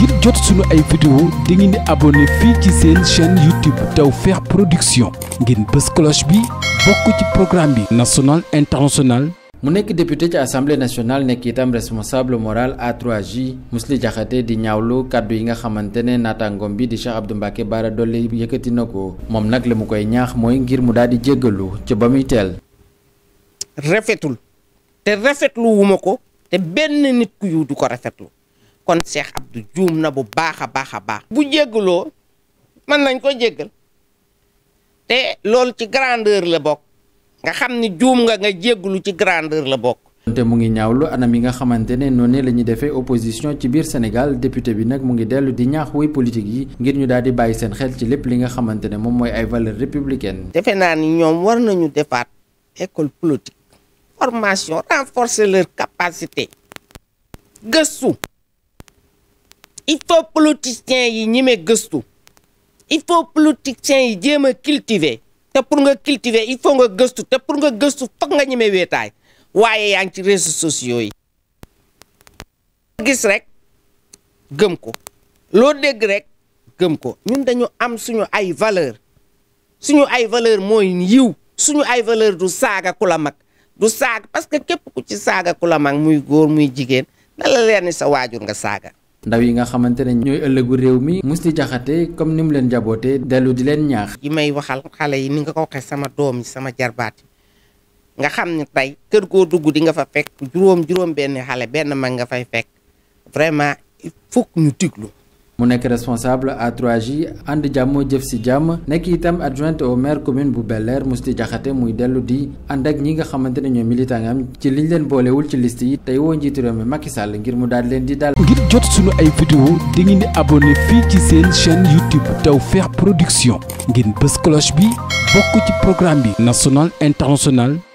ngir jot suñu ay vidéo da di abonné fii ci seen chaîne YouTube Tawfekh Production ngir bës cloche bi bokk ci programme bi national international mu nekk député ca assemblée nationale nekk itam responsable moral A3J Mously Diakhaté di ñaawlu kàddu yi nga xamante ne naataangoom bi di Cheikh Abdou Mbacké Bara Dolly yëkkati na ko moom nag la mu koy ñaax mooy ngir mu daal di jéggalu ci ba muy teel rafetul te rafetlu wu ko te benn nit ku yu du ko rafetlu kon Cheikh Abdou juum na bu baax a baax a baax bu jéggaloo mën nañ ko jéggal te loolu ci grandeur la bokk nga xam ni juum nga nga jéggalu ci grandeur la bokk te mu ngi ñaawlu anam yi nga xamante ne noonu la ñuy defee opposition ci biir Sénégal député bi nag mu ngi dellu di ñaax way politique yi ngir ñu daal di bàyyi seen xel ci lépp li nga xamante ne moom mooy ay valeur républicaines. defe naa ni ñoom war nañu defaat école politique formation renforcer leur capacité gëstu il faut politiciens yi ñime gëstu il faut politiciens yi jéem a cultiver te pour nga cultiver il faut nga gëstu te pour nga gëstu foog nga ñeme weetaay waaye yaa ngi ci réseaux sociaux yi gis rek gëm ko loo dégg rek gëm ko ñun dañu am suñu ay valeur suñu ay valeur mooy yiw suñu ay valeur du saaga ku la mag du saaga parce que képp ku ci saaga ku la mag muy góor muy jigéen da la leer ni sa waajur nga saaga ndaw yi nga xamante ne ñooy ëllëgu réew mi Mously Diakhaté comme ni mu leen jabootee dellu di leen ñaax yi may waxal xale yi ni nga ko waxee sama doom yi sama jarbaat nga xam ni tey kër goo dugg di nga fa fekk juróom juróom benn xale benn mag nga fay fekk vraiment fukk faut ñu diglu mu nekk responsable A3J ànd jàmm jëf si jàmm nekk itam adjointe au maire commune bu Bel Air Mousty muy dellu di ànd ak ñi nga xamante ne ñoo militant am ci liñ leen boolewul ci list yi tey woo njiitu réew mi Macky Sall ngir mu daal leen di daal. ngir jot suñu ay vidéo di ngeen di abonné fii ci seen chaîne YouTube Tawfekh Production ngeen bës cloche bi bokk ci programme bi national international.